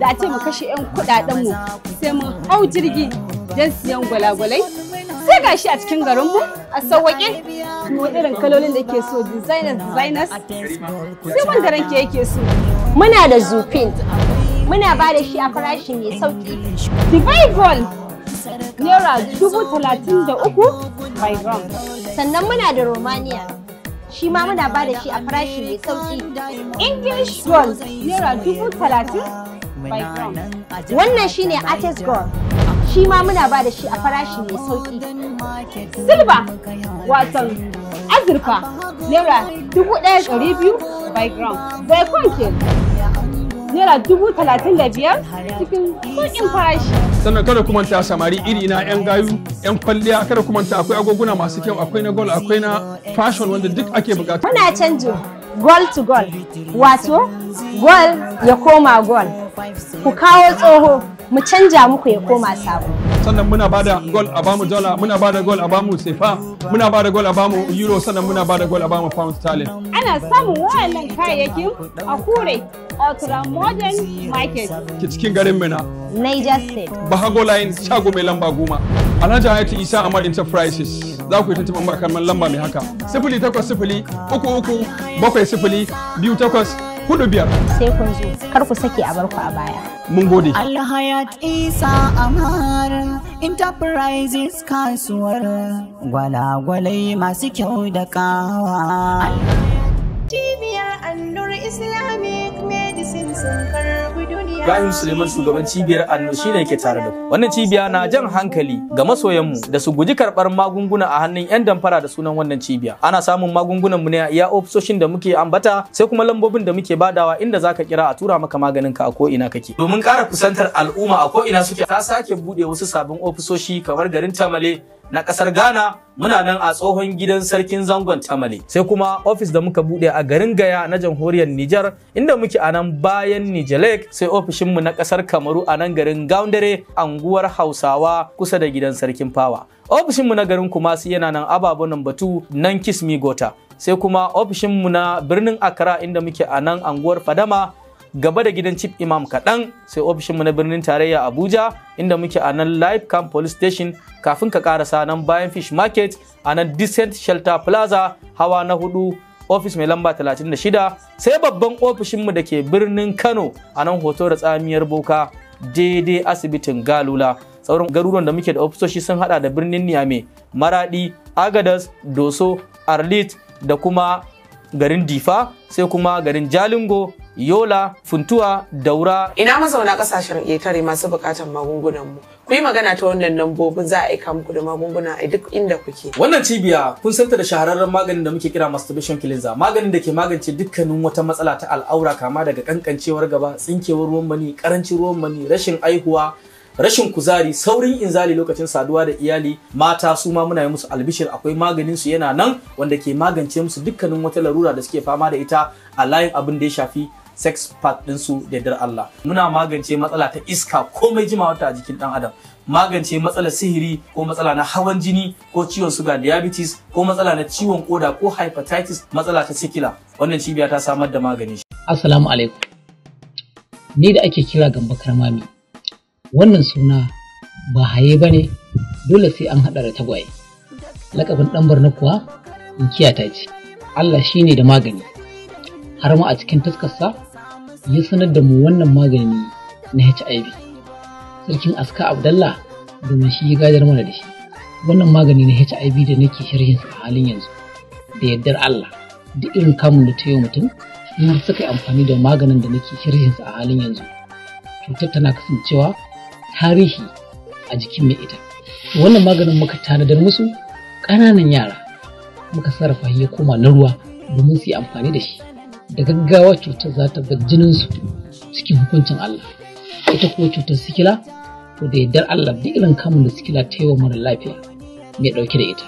da ce mu kashe 'yan mu sai mu hau jirgi don siyan gwalagwalai sai ga shi a cikin garinmu a sauwaƙe mu irin kalolin da ke so designers designers sai wanda ranke yake so muna da zufin muna ba da shi a farashi mai sauki. Divigol Naira dubu talatin da uku by gram. Sannan muna da Romania. Shi ma muna ba da shi a farashi mai sauki. English gold Naira dubu talatin by gram. Wannan shi ne artist gold. Shi ma muna ba da shi a farashi mai sauki. Silba Watson azurfa Naira dubu ɗaya ɗari biyu by gram. Bai kwanke. naira dubu talatin da biyar cikin kuɗin farashi. sannan kada kuma ta samari iri na yan gayu yan kwalliya kada kuma ta akwai agoguna masu kyau akwai na gol akwai na fashion wanda duk ake bukata. muna canji goal to goal wato goal ya koma goal ku kawo tsoho mu canja muku ya koma sabo. sannan muna ba da gol a bamu dola muna ba da gol a bamu sefa muna ba da gol a bamu euro sannan muna ba da gol a bamu pound sterling ana samun wayannan kayayyakin a kure ultra modern market cikin garin mina Niger State Bahago line shago mai lamba goma Alhaji Hayatu Isa Ahmad Enterprises za ku yi tuntuɓin akan lamba mai haka sifili takwas sifili uku uku bakwai sifili biyu takwas hudu biyar. Sai kun zo, kar ku sake a barku a baya. Mun gode. allah Alhayat Isa Amar Enterprises kasuwar gwalagwalai masu kyau da kawa. Cibiyar Allur Islamic Ibrahim Suleiman shugaban cibiyar Anno shine yake tare da ku. Wannan cibiya na jan hankali ga masoyanmu da su guji karɓar magunguna a hannun 'yan damfara da sunan wannan cibiya. Ana samun magungunan mu ne a iya ofisoshin da muke ambata sai kuma lambobin da muke badawa inda zaka kira a tura maka maganin ka a ko ina kake. Domin ƙara kusantar al'umma a ko ina suke ta sake buɗe wasu sabbin ofisoshi kamar garin Tamale na kasar Ghana muna nan a tsohon gidan sarkin zangon Tamale. Sai kuma ofis da muka bude a garin Gaya na jamhuriyar Nijar inda muke a nan bayan Nijalek sai mu na kasar Kamaru a nan garin Gaundare anguwar Hausawa kusa da gidan sarkin Fawa. mu na garin Kumasi yana nan ababen batu nan Kismi Gota. Sai kuma ofishinmu na birnin Accra inda muke a nan anguwar Fadama gaba da gidan chief imam kaɗan sai ofishin mu na birnin tarayya abuja inda muke a nan live camp police station kafin ka karasa nan bayan fish market a nan decent shelter plaza hawa na hudu ofis mai lamba 36 sai babban ofishinmu da ke birnin kano a nan hoto da tsamiyar boka daidai asibitin galula sauran garuruwan da muke da ofisoshi sun hada da birnin niamey maradi agadas doso arlit da kuma garin difa sai kuma garin jalingo Yola, Funtuwa, Daura. Ina mazauna kasashen ƙetare masu buƙatar magungunanmu. Ku yi magana ta wannan lambobin za a aika muku da magunguna a duk inda kuke. Wannan cibiya kun santa da shahararren maganin da muke kira masturbation cleanser, maganin da ke magance dukkanin wata matsala ta al'aura kama daga kankancewar gaba, tsinkewar ruwan mani, karancin ruwan mani, rashin aihuwa, rashin kuzari saurin inzali lokacin saduwa da iyali mata su ma muna yi musu albishir akwai maganin su yana nan wanda ke magance musu dukkanin wata larura da suke fama da ita a layin abin da ya shafi sex part su da yardar Allah. Muna magance matsala ta iska komai jimawa a jikin ɗan adam. Magance matsalar sihiri ko matsala na hawan jini ko ciwon suga diabetes ko matsala na ciwon koda ko hepatitis matsala ta sikila. Wannan cibiya ta samar da magani. Assalamu alaikum. Ni da ake kira gamba karmami. Wannan suna ba haye ba ne dole sai an haɗa da tagwaye. Lakabin ɗan barna kuwa inkiya ta ce. Allah shine da magani. Har ma a cikin taskarsa ya sanar da mu wannan magani na HIV. Sarkin Aska Abdallah domin shi ya gajar mana da shi. Wannan magani na HIV da nake su a halin yanzu da yardar Allah da irin kamun da ta yi mutum in har suka yi amfani da maganin da nake su a halin yanzu. Cutar tana kasancewa tarihi a jikin mai ita. Wannan maganin muka tanadar musu ƙananan yara muka sarrafa ya koma na ruwa domin su yi amfani da shi. da gaggawa cutar za ta bar jininsu cikin hukuncin Allah ita kuma cutar sikila to da yardar Allah duk irin kamun da sikila ta yi wa mara lafiya mai dauke da ita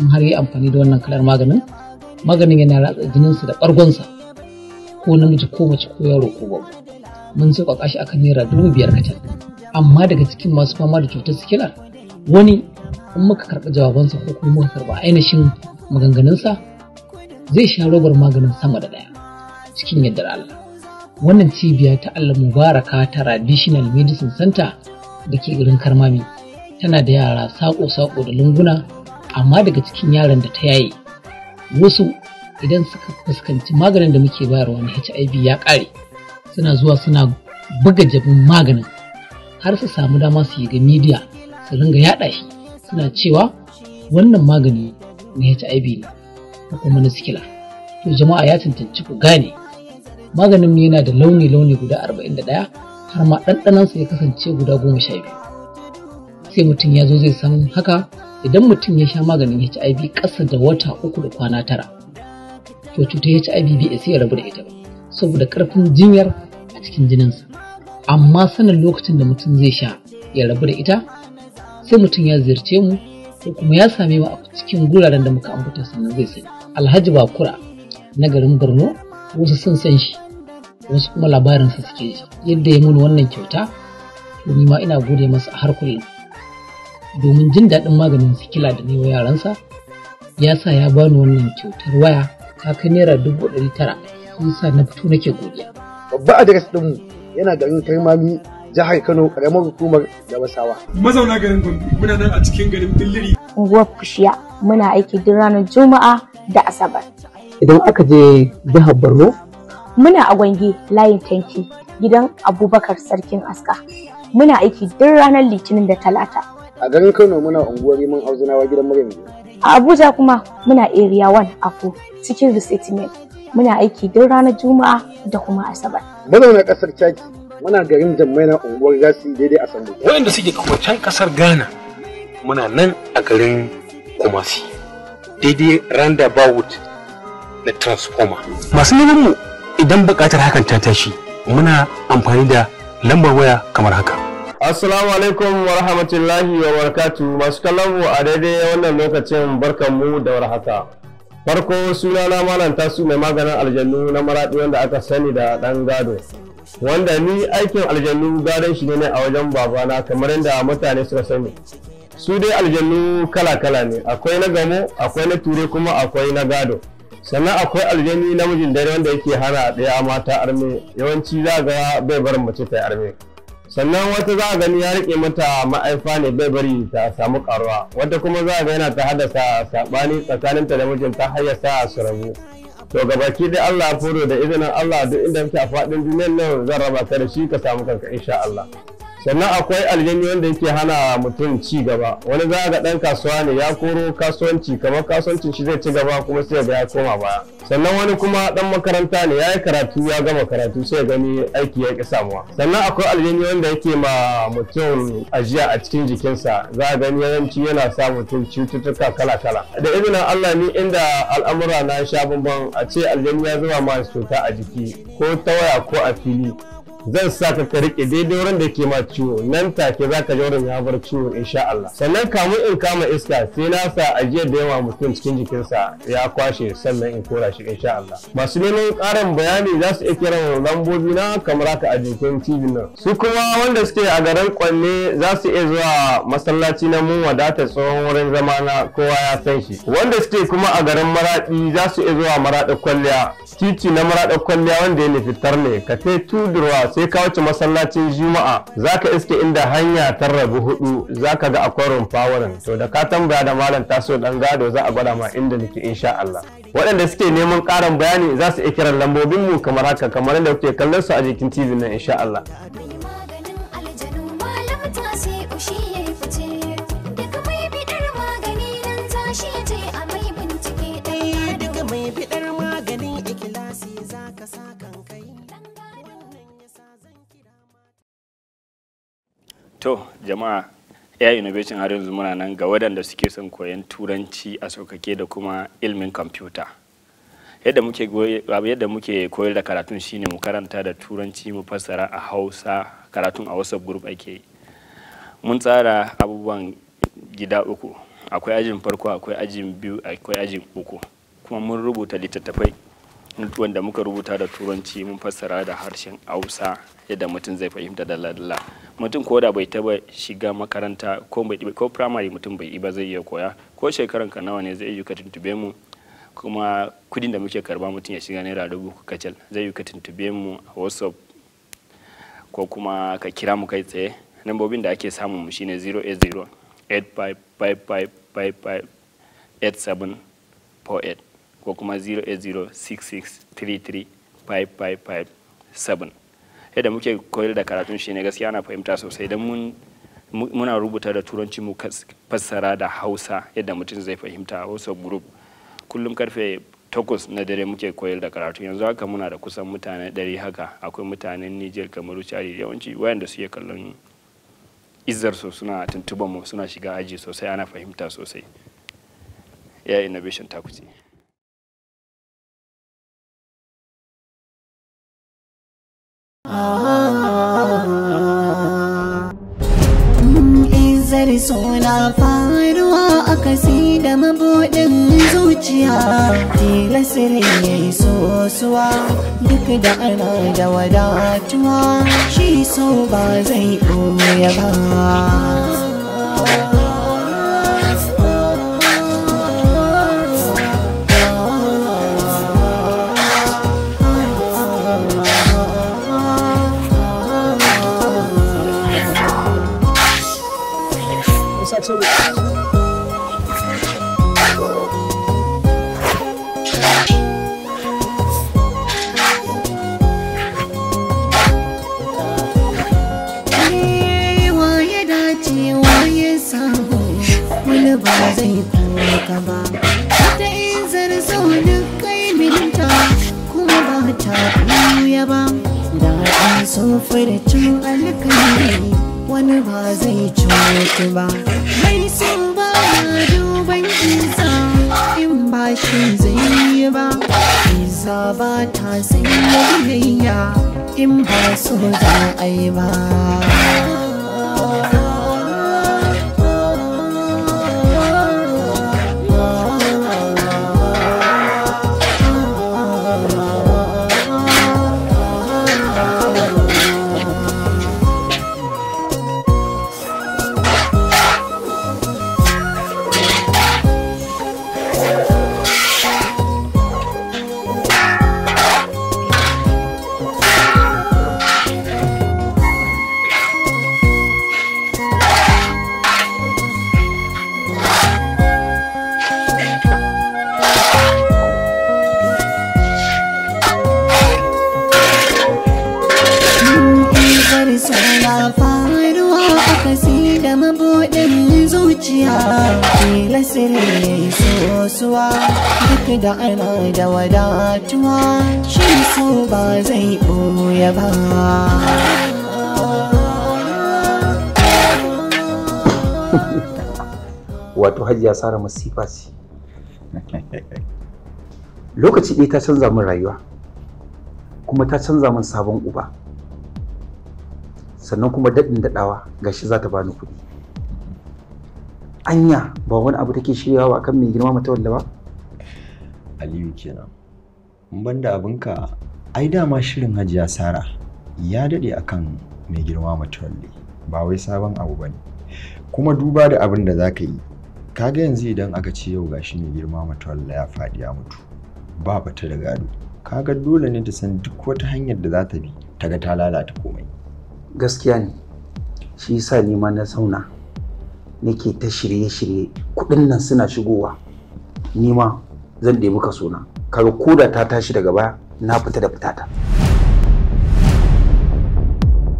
in har yi amfani da wannan kalar maganin maganin yana ratsa jinin su da sa, ko namiji ko mace ko yaro ko babu mun sauƙaƙa shi akan naira dubu biyar kacal amma daga cikin masu fama da cutar sikila, wani in muka karɓi jawabansa ko kuma muka karɓi ainihin maganganunsa zai sha robar maganin sama da ɗaya cikin yardar Allah. Wannan cibiya ta Allah Mubaraka Traditional Medicine Center da ke garin Karmami tana da yara saƙo-saƙo da lunguna amma daga cikin yaran da ta yaye. Wasu idan suka fuskanci maganin da muke bayarwa na HIV ya ƙare suna zuwa suna buga jabin maganin har su samu dama su yi ga media su ringa yaɗa shi suna cewa wannan magani na HIV ne ko kuma na sikila. To jama'a ya tantance ku gane. maganin mu yana da launi-launi guda arba'in da ɗaya, har ma ɗanɗanansa ya kasance guda goma sha biyu sai mutum ya zo zai san haka idan mutum ya sha maganin hiv ƙasa da wata uku da kwana tara to cutar hiv bai sai ya rabu da ita ba saboda ƙarfin jinyar a cikin jininsa amma sanin lokacin da mutum zai sha ya rabu da ita sai mutum ya ziyarce mu ko kuma ya same mu a cikin guraren da muka ambata sannan zai sani alhaji bakura na garin borno wasu sun san shi wasu kuma su suke yi. yadda ya muni wannan kyauta to ni ma ina gode masa a har kullum domin jin daɗin maganin sikila da wa yaransa ya sa ya bani wannan kyautar waya kaka naira dubu ɗari tara sun sa na fito nake godiya. babba din mu yana garin karmami jihar kano karamar hukumar gabasawa. mazauna garin gombe muna nan a cikin garin dilliri. unguwar kushiya muna aiki duk ranar juma'a da asabar. idan aka je jihar borno muna a gwange layin tanki gidan abubakar sarkin aska muna aiki duk ranar litinin da talata a garin kano muna unguwar riman auzunawa gidan maryam a abuja kuma muna area 1 ako cikin resettlement muna aiki duk ranar juma'a da kuma asabar mazauna kasar caki muna garin na unguwar gasi daidai a sambo wanda suke can kasar ghana muna nan a garin kumasi daidai roundabout na transformer masu neman mu idan buƙatar hakan ta tashi muna amfani da lambar waya kamar haka Assalamu alaikum wa rahmatullahi wa barakatu masu kallon mu a daidai wannan lokacin barkan mu da warhaka. Farko suna na malam tasu mai maganin aljannu na maraɗi wanda aka sani da ɗan gado. Wanda ni aikin aljannu gadon shi ne a wajen babana kamar yadda mutane suka sani. Su dai aljannu kala-kala ne, akwai na gamo, akwai na ture kuma akwai na gado. sannan akwai aljani namijin dare wanda yake hana ɗaya mata arme yawanci za ga bai barin mace ta arme sannan wata za a gani ya rike mata ma'aifa ne bai bari ta samu karuwa wata kuma za a ga yana ta haddasa saɓani tsakaninta da mijinta har ya sa su rabu to gabaki dai Allah furo da izinin Allah duk inda kake a faɗin duniyar nan zan raba ka da shi ka samu kanka insha Allah sannan akwai aljanni wanda yake hana mutum ci gaba wani za ga dan kasuwa ne ya koro kasuwanci kamar kasuwancin shi zai ci gaba kuma sai ga ya koma baya sannan wani kuma dan makaranta ne ya yi karatu ya gama karatu sai gani aiki ya ƙi samuwa sannan akwai aljanni wanda yake ma mutum ajiya a cikin jikinsa za gani yawanci yana sa mutum cututtuka kala kala da izinin Allah ni inda al'amura na sha bambam a ce aljanni ya zama ma cuta a jiki ko ta waya ko a fili zan sa ka ka rike daidai wurin da ke ma ciwo nan take za ka jawo ya bar ciwo insha Allah sannan kamun in kama iska sai na sa ajiyar da yawa mutum cikin jikinsa ya kwashe sannan in kora shi insha Allah masu neman ƙarin bayani za su iya kiran lambobi na kamar haka a jikin TV nan su kuma wanda suke a garin Kwanne za su iya zuwa masallaci na mun wadata tsohon wurin zama na kowa ya san shi wanda suke kuma a garin Maraɗi za su iya zuwa Maraɗi kwalliya titi na maraɗar kwalliya wanda ya nufi tarne ka kai tudurwa sai ka wuce masallacin juma'a zaka iske inda hanya ta rabu hudu zaka ga akwai rumfawarin to da ka tambaya da malam taso dan gado za a gwada ma inda nake insha Allah waɗanda suke neman ƙarin bayani za su iya kiran lambobin mu kamar haka kamar yadda kuke kallon su a jikin TV na insha Allah to jama'a air innovation har yanzu muna nan ga waɗanda suke son koyan turanci a saukake da kuma ilmin kwamfuta yadda muke yadda muke koyar da karatun shine mu karanta da turanci mu fassara a hausa karatun a whatsapp group ake yi mun tsara abubuwan gida uku akwai ajin farko akwai ajin biyu akwai ajin uku kuma mun rubuta littattafai wanda muka rubuta da turanci mun fassara da harshen hausa yadda mutum zai fahimta da lalla mutum ko da bai taba shiga makaranta ko firamare mutum bai ba zai iya koya ko shekaran ka nawa ne zai yi tuntube mu kuma kudin da muke karba mutum ya shiga naira dubu kacal zai yi tuntube mu a whatsapp ko kuma ka kira mu kai tsaye nambobin da ake samun mu shine 080 8555 8748 ko kuma 08066335557 yadda muke koyar da karatun shi ne gaskiya ana fahimta sosai don mun muna rubuta da turanci mu fassara da hausa yadda mutum zai fahimta hausa group kullum karfe takwas na dare muke koyar da karatu yanzu haka muna da kusan mutane dari haka akwai mutanen niger kamaru chari yawanci wayanda suke kallon izar su suna tuntuban mu suna shiga aji sosai ana fahimta sosai ya innovation ta kuce Izar suna faruwa a kasi da mabuɗin zuciya Tila ya yi sosuwa duk da ana da wadatuwa Shi so ba zai ɓoye ba sace mu ba zai kuka ba ta izar kai minta kuma ba ta ba da an so furcin alkali wani ba zai cutu ba mai sun ba duban isa in ba shi zai yi ba isa ba ta sai biyayya in ba so za a yi ba wato hajiya sara masifa ce lokaci ɗaya ta canza min rayuwa kuma ta canza min sabon uba sannan kuma daɗin daɗawa gashi za ta bani kuɗi anya ba wani abu take shiryawa ba kan mai girma mata wanda ba aliyu kenan in banda abinka ai dama shirin hajiya sara ya daɗe akan mai girma matuwalle ba wai sabon abu ba ne kuma duba da abin da za ka yi kaga yanzu idan aka ce yau ga shi mai girma matuwalle ya faɗi ya mutu ba bata da gado kaga dole ne ta san duk wata hanyar da za ta bi ta ga ta lalata komai gaskiya ne shi yasa ni ma na sauna nake ta shirye-shirye kuɗin nan suna shigowa ni ma zan ɗebi muka na kaga da ta tashi daga baya na fita da fitata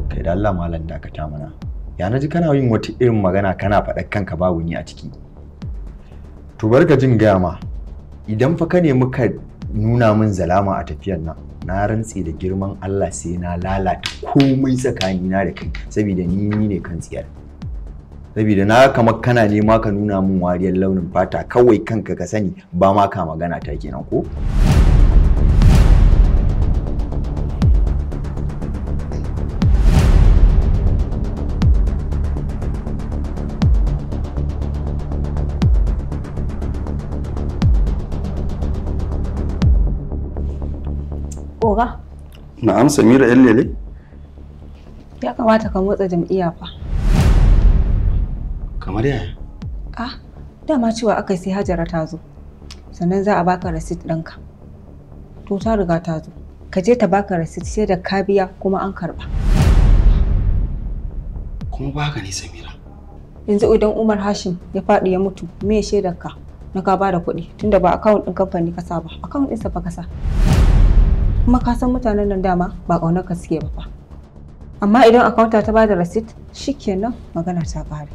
kai da Allah malam dakata mana ya na naji kana yin wata irin magana kana faɗa kanka babu ni a ciki to barka jin gaya ma idan fa ka nemi ka nuna min zalama a tafiyar nan na rantse da girman Allah sai na lalata komai tsakanina da kai saboda ni ni ne kan tsiyar saboda na kamar kana nema ka nuna min wariyar launin fata kawai kanka ka sani ba ma ka magana ta kenan ko Oga. Na'am Samira yan lele? Ya kamata ka motsa jam'iyya fa. Kamar yaya? Ah, dama cewa aka sai Hajara ta zo. Sannan za a baka receipt ɗinka. To ta riga ta zo. Ka je ta baka receipt sai da ka biya kuma an karba. Kuma ba ka ne Samira. Yanzu idan Umar Hashim ya faɗi ya mutu, me shaidarka? ka? na ka bada kuɗi tunda ba akawun ɗin kamfani ka sa ba akawun ɗinsa fa ka sa. kuma ka san mutanen nan dama ba ƙaunar ka suke ba fa amma idan akawunta ta bada receipt shikenan magana ta ƙare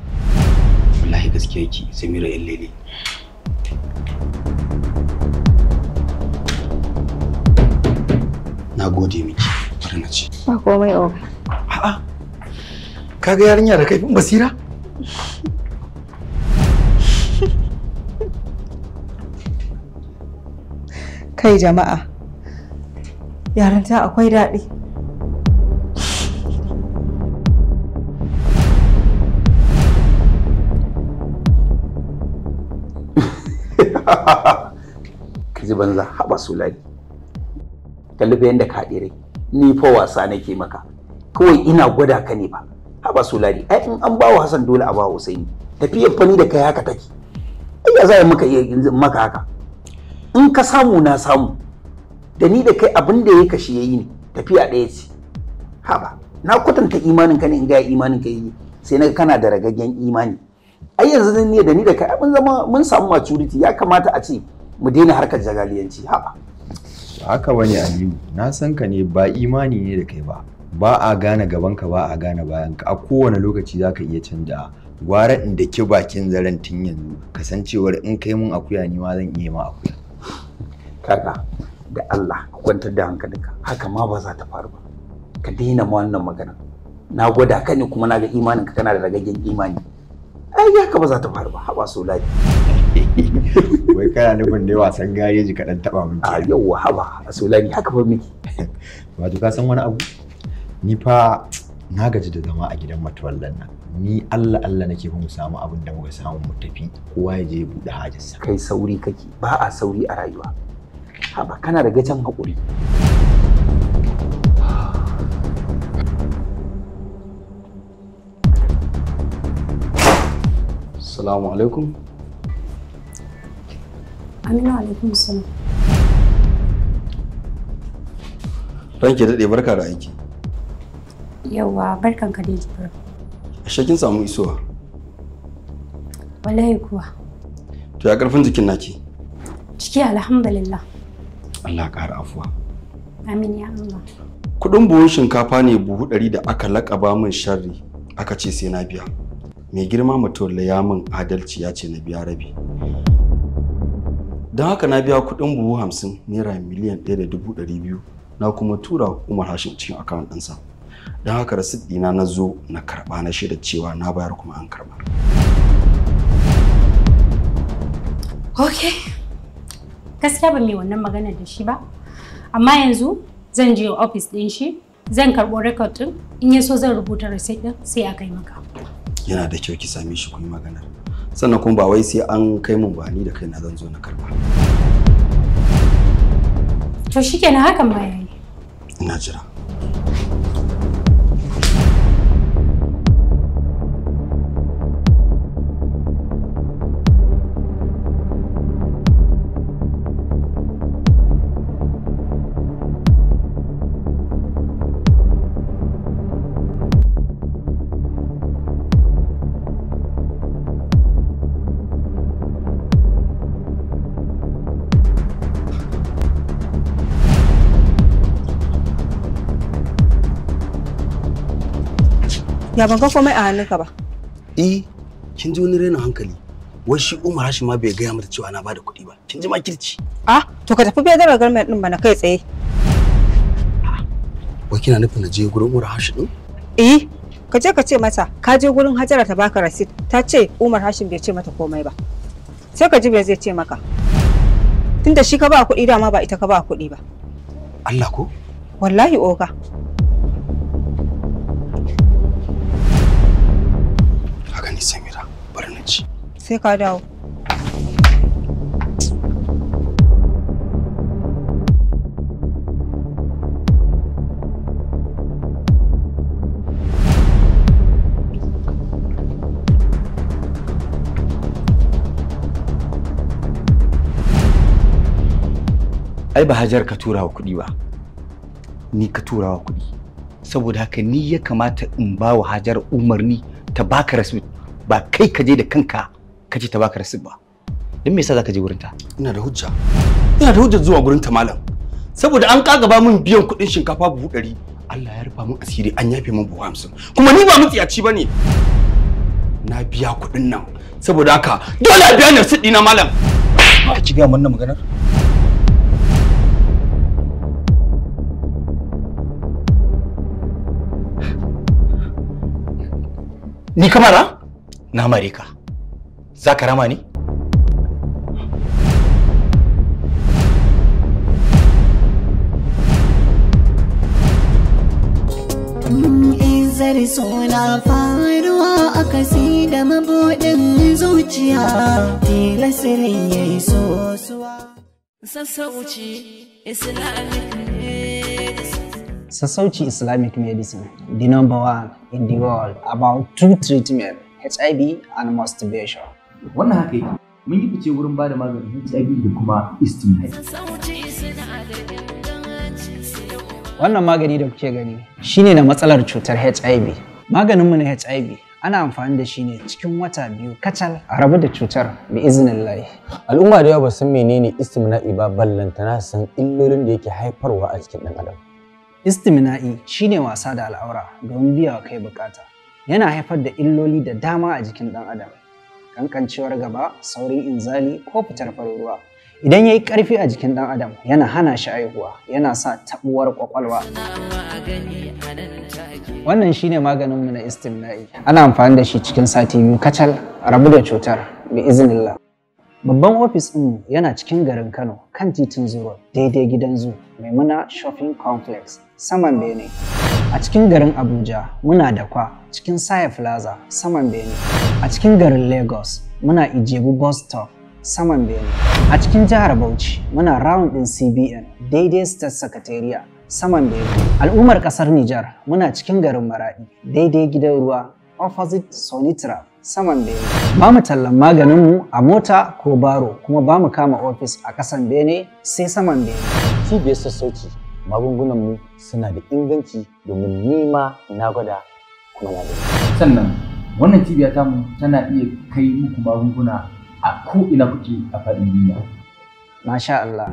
wallahi gaskiya ki samira yan lele na gode miki bari na ci ba komai oga oh. a'a kaga yarinya da kaifin basira kai jama'a Yaranta akwai daɗi Kaji banza haɓa sulari kallifa yadda ka ɗire ni fa wasa nake maka kawai ina gwada ka ne ba haɓa sulari ai in an bawa Hassan dole a bawa Husaini tafiyar fani da kai haka take ai ya za maka maka haka in ka samu na samu da ni da kai abin da ya kashe yi ne tafiya ɗaya ce na kwatanta imanin ka ne in gaya imanin ka yi sai na kana da ragaggen imani ai yanzu ne da ni da kai abin zama mun samu maturity ya kamata a ce mu daina harkar jagaliyanci haba haka wani Aliyu na san ka ne ba imani ne da kai ba ba a gane gabanka ba a gane bayanka a kowane lokaci za ka iya canja gwara in da ke bakin zaren tun yanzu kasancewar in kai mun akuya ni ma zan iya ma akuya kaka da Allah ka kwantar da hankalinka haka ma ba za ta faru ba ka daina ma wannan magana na gwada ka ne kuma na ga imanin ka kana da ragaggen imani ai haka ba za ta faru ba haba so lafi wai kana nufin ne wasan gareji kaɗan taɓa mun a ah, yauwa haba a so lafi haka ba miki wato ka san wani abu ni fa na gaji da zama a gidan matuwallan nan ni Allah Allah nake fa mu samu abin da muka samu mu tafi kowa ya je ya buɗe hajarsa kai sauri kake ba a sauri a rayuwa Haba kana da gajen haƙuri. Assalamu alaikum. Aminu alaikum salam. Ranke daɗe barka da aiki. Yawwa barkan ka daji bar. Ashe kin samu isowa. Wallahi kuwa. To ya ƙarfin jikin naki? Ciki alhamdulillah. Allah ƙara afuwa. Amin ya Allah. Kuɗin buhun shinkafa ne buhu ɗari da aka laƙaba min sharri aka ce sai na biya. Mai girma mutum ya min adalci ya ce na biya rabi. Don haka na biya kuɗin buhu hamsin naira miliyan ɗaya da dubu ɗari na kuma tura Umar Hashim cikin akawun ɗinsa. Don haka rasit ɗina na zo na karɓa na shaida cewa na bayar kuma an karɓa. Okay. gaskiya ban mai wannan magana da shi ba amma yanzu zan je ofis din shi zan karbo record din in ya so zan rubuta receipt din sai a kai maka yana da kyau ki same shi kun magana sannan kuma ba wai sai an kai mun ba ni da kaina zan zo na karba to shikenan hakan ma yayi ina jira Ya ban ga komai a hannunka ba. Eh, kin ji wani raina hankali. Wai shi Umar Hashim ma bai gaya mata cewa na bada kuɗi ba. Kin ji ma kirci. Ah, to ka tafi bedar garma din bana kai tsaye. Wai kina nufin na je gurin Umar Hashim din? Eh, ka je ka ce mata ka je gurin Hajara ta baka rasit. Ta ce Umar Hashim bai ce mata komai ba. Sai ka ji bai zai ce maka. Tunda shi ka ba kuɗi dama ba ita ka ba kuɗi ba. Allah ko? Wallahi oga. sai ka dawo ai ba hajar ka tura wa kuɗi ba ni ka tura wa kuɗi saboda haka ni ya kamata in ba wa hajar umarni ta baka rasu ba kai ka je da kanka kace ta baka rasu ba din me yasa zaka je gurin ta ina da hujja ina da hujjar zuwa gurin ta malam saboda an kagaba min biyan kuɗin shinkafa buhu ɗari Allah ya rufa mun asiri an yafe min buhu hamsin kuma ni ba mutsiyaci ba ne na biya kuɗin nan saboda haka dole a biya ni rasid ɗina malam a ki gaya wannan maganar ni kamara na mare ka za ka rama ni? Zar suna faruwa a kasi da mabuɗin zuciya, tilasirin ya yi sosuwa. Sassauci Islamic Medicine. Sassauci Islamic Medicine, the number one in the world about true treatment, HIV and masturbation. wannan haka yake mun yi fice wurin ba da maganin HIV da kuma istimai wannan magani da kuke gani shine na matsalar cutar HIV maganinmu na HIV ana amfani da shi ne cikin wata biyu kacal a rabu da cutar bi layi al'umma da yawa ba san menene istimna'i ba ballantana san illolin da yake haifarwa a cikin ɗan adam istimna'i shine wasa da al'aura don biya kai bukata yana haifar da illoli da dama a jikin ɗan adam kankancewar gaba saurin inzali ko fitar farin idan ya yi ƙarfi a jikin ɗan adam yana hana shi aihuwa yana sa tabuwar ƙwaƙwalwa. wannan shine maganinmu na istimna'i ana amfani da shi cikin sati biyu kacal rabu da cutar bi iznillah babban ofis ɗin yana cikin garin kano kan titin zuwa daidai gidan zu maimuna shopping complex saman bene A cikin garin Abuja muna da kwa cikin Saya Plaza saman Bene. A cikin garin Lagos muna Ijebu bus stop saman Bene. A cikin jihar Bauchi muna round ɗin CBN daidai State Secretariat saman Bene. Al'ummar ƙasar Nijar muna cikin garin Maraɗi daidai gidan ruwa opposite Sonitra saman Bene. Ba mu tallan maganinmu a mota ko baro kuma ba mu kama ofis a kasan Bene sai saman Bene. TBS sassauci magungunanmu suna da inganci domin nima na gwada kuma na da Sannan wannan cibiya tamu tana iya kai muku magunguna a ko'ina kuke a faɗin duniya. Masha Allah.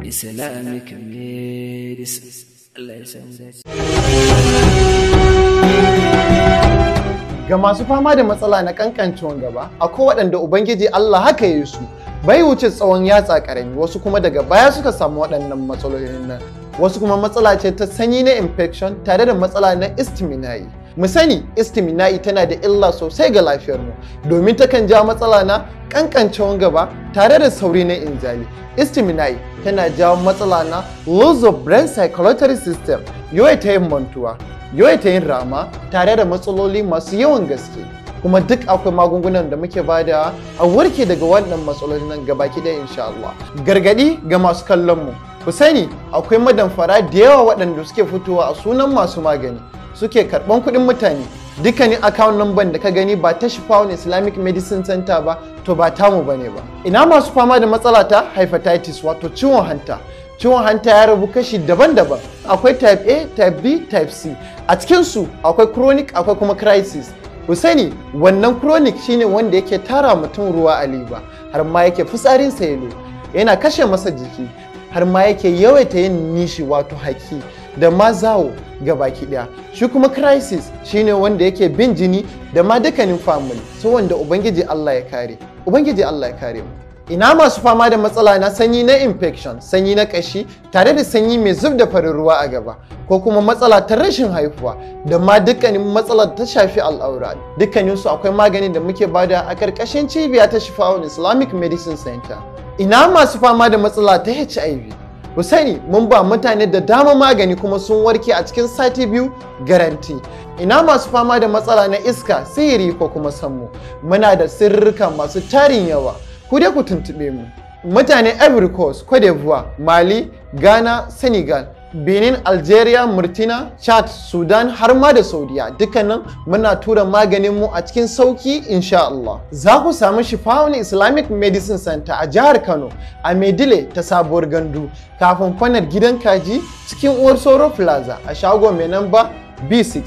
Ga masu fama da matsala na kankancewan gaba, akwai waɗanda Ubangiji Allah haka ya su, bai wuce tsawon yatsa ƙarami wasu kuma daga baya suka samu waɗannan matsalolin nan. wasu kuma matsala ce ta sanyi na infection tare da matsala na istimina'i mu sani istimina'i tana da illa sosai ga lafiyarmu domin takan ja matsala na kankancewan gaba tare da sauri na injali istimina'i tana jawo matsala na loss of brain circulatory system yawaita yin mantuwa yawaita yin rama tare da matsaloli masu yawan gaske kuma duk akwai magungunan da muke ba da a warke daga wannan matsalolin nan gaba ki da insha Allah gargadi ga masu kallon mu ku sani akwai madamfara da yawa waɗanda suke fitowa a sunan masu magani suke karɓan kuɗin mutane dukkanin account number da ka gani ba ta shifawun islamic medicine center ba to ba tamu ba ne ba ina masu fama da matsala ta hepatitis wato ciwon hanta ciwon hanta ya rabu kashi daban-daban akwai type a type b type c a cikinsu akwai chronic akwai kuma crisis ku sani wannan chronic shine wanda yake tara mutum ruwa a liba har ma yake fitsarin yalo, yana kashe masa jiki har ma yake yawaita yin nishi wato haki da ma zawo ga baki daya shi kuma crisis shine wanda yake bin jini da ma dukkanin family so wanda ubangiji Allah ya kare ubangiji Allah ya kare mu ina masu fama da matsala na sanyi na infection sanyi na kashi tare da sanyi mai zub da farin ruwa a gaba ko kuma matsala ta rashin haihuwa da ma dukkanin matsalar ta shafi al'aura dukkaninsu akwai maganin da muke bada a karkashin cibiya ta shifa'un islamic medicine center ina masu fama da matsala ta hiv ku sani mun ba mutane da dama magani kuma sun warke a cikin sati biyu garanti ina masu fama da matsala na iska sihiri ko kuma sammu muna da sirrika masu tarin yawa ku dai ku tuntuɓe mu mutane ivory coast cote d'ivoire mali ghana senegal benin algeria murtina chad sudan har ma da saudiya dukkanin muna tura maganin mu a cikin sauki insha Allah za ku samu shifawun islamic medicine center a jihar kano a medile ta sabuwar gandu kafin fanar gidan kaji cikin uwar soro plaza a shago mai namba b6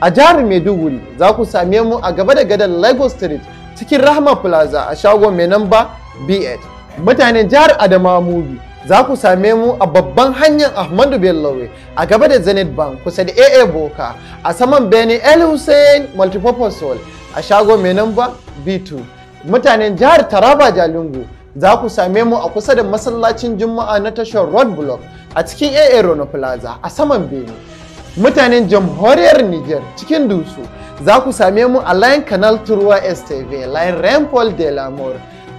a jihar maiduguri za ku same mu a gaba da gadar lagos street cikin Rahma Plaza a shagon mai namba B8. Mutanen jihar adama Mubi za ku same mu a babban hanyar Ahmadu Bellowe a gaba da Zenith Bank kusa da AA Boka a saman bene El Hussein Multipurpose Hall a shagon mai namba B2. Mutanen jihar Taraba Jalingo za ku same mu a kusa da masallacin Juma'a na tashar Road Block a cikin AA Rono Plaza a saman bene. mutanen jamhuriyar Niger cikin dusu za ku same mu a line Canal Turwa STV line Rainfall de la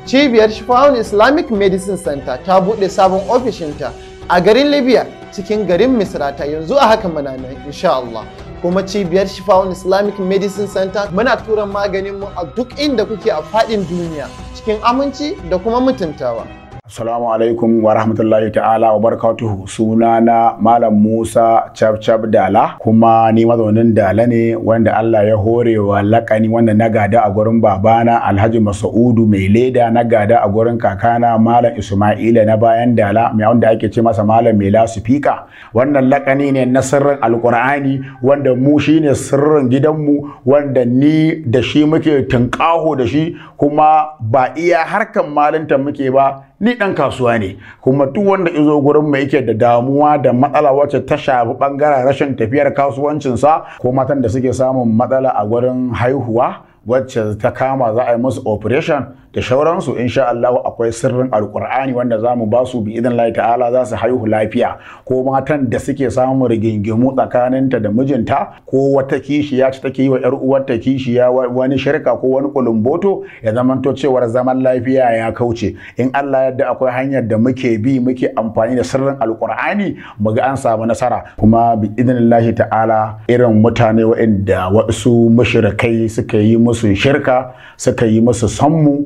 Cibiyar Shifa'un Islamic Medicine Center ta buɗe sabon ofishinta a garin Libya cikin garin Misrata yanzu a haka muna nan insha Allah. Kuma cibiyar Shifa'un Islamic Medicine Center muna tura maganinmu a duk inda kuke a faɗin duniya cikin aminci da kuma mutuntawa. Assalamu alaikum wa rahmatullahi ta'ala wa barakatuhu na Malam Musa Cabcab Dala kuma ni mazaunin Dala ne wanda Allah ya hore wa lakani wanda na gada a gurin babana Alhaji Masa'udu mai leda na gada a gurin kakana Malam Isma'ila na bayan Dala mai wanda ake ce masa Malam Mela Sufika wannan lakani ne na sirrin Alkur'ani wanda mu shine sirrin gidanmu wanda ni da shi muke tunƙaho da shi kuma ba iya harkan malinta muke ba ni dan kasuwa ne kuma duk wanda izo gurin mu yake da damuwa da matsala wacce ta shafi bangaren rashin tafiyar kasuwancinsa ko matan da suke samun matsala a gurin haihuwa wacce ta kama za a yi musu operation da shauransu insha Allah akwai sirrin alkur'ani wanda za mu ba su bi idan lai ta'ala za su haihu lafiya ko matan da suke samun rigingimu tsakaninta da mijinta ko wata kishiya ce take yi wa yar uwarta kishiya wani shirka ko wani kulumboto ya zamanto cewar zaman lafiya ya kauce in Allah yadda akwai hanyar da muke bi muke amfani da sirrin alkur'ani mu ga an samu nasara kuma bi idan Allah ta'ala irin mutane waɗanda wasu mushrikai suka yi musu shirka suka yi musu sammu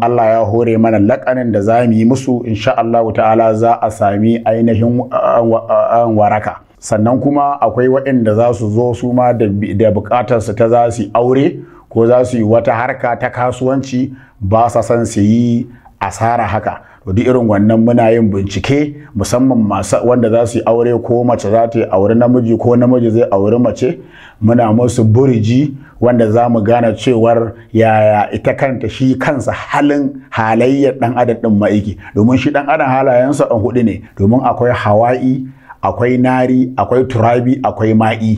Allah ya hore mana laƙanin da za mu yi musu insha Allah ta'ala za a sami ainihin uh, uh, uh, waraka sannan kuma akwai waɗanda za su zo su ma da buƙatar su ta za su aure ko za su yi wata harka ta kasuwanci ba sa son su yi asara haka duk irin wannan muna yin bincike musamman masu wanda za su yi aure ko mace za ta yi aure namiji ko namiji zai aure mace muna musu buriji wanda za mu gane cewar yaya ita kanta shi kansa halin halayyar dan adam din ma'aiki domin shi dan adam halayensa dan hudu ne domin akwai hawa'i akwai nari akwai turabi akwai ma'i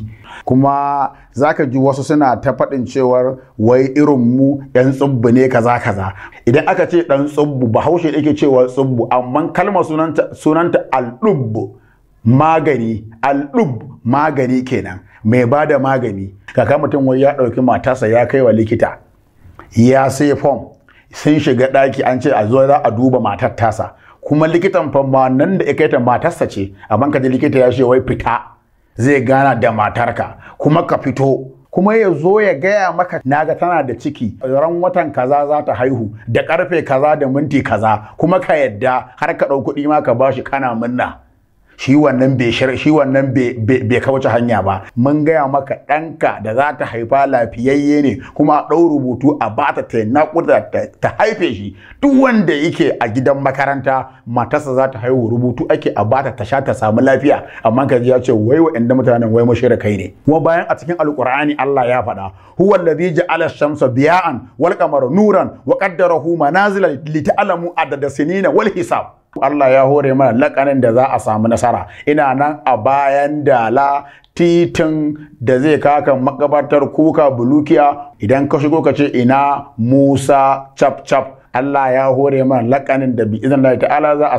kuma za ka ji wasu suna ta faɗin cewar wai irin mu ɗan tsubbu ne kaza kaza idan aka ce ɗan tsubbu bahaushe yake cewa tsubbu amma kalmar sunanta, sunanta al'ubbu magani al'ub magani kenan mai ba da magani kaka mutum wai ya ɗauki matarsa ya kai wa likita ya sai fom sun shiga ɗaki an ce a zo za a duba matar tasa kuma likitan fa nan da ya ta matarsa ce amma ka ji likita ya ce wai fita zai gana da matarka kuma ka fito kuma ya zo ya gaya maka naga tana da ciki ran watan kaza za ta haihu da karfe kaza da minti kaza kuma ka yadda har ka ɗau kuɗi ma ka bashi kana munna shi wannan bai shi wannan bai kauce hanya ba mun gaya maka ɗanka da za ta haifa lafiyayye ne kuma a ɗau rubutu a ba ta ta ta haife shi duk wanda yake a gidan makaranta matarsa za ta haihu rubutu ake a ba ta ta sha ta samu lafiya amma ka ji ya ce wai wa inda mutanen wai kai ne kuma bayan a cikin alƙur'ani Allah ya faɗa huwa allazi ja'ala shamsa biya'an wal qamara nuran wa qaddarahu manazila li adada sinina wal hisab Allah ya hore mana lakanin da za a samu nasara ina nan a bayan dala titin da zai kaka makabartar kuka bulukiya idan ka shigo ka ce ina Musa chap chap Allah ya hore mana lakanin da bi izan Allah ta'ala za a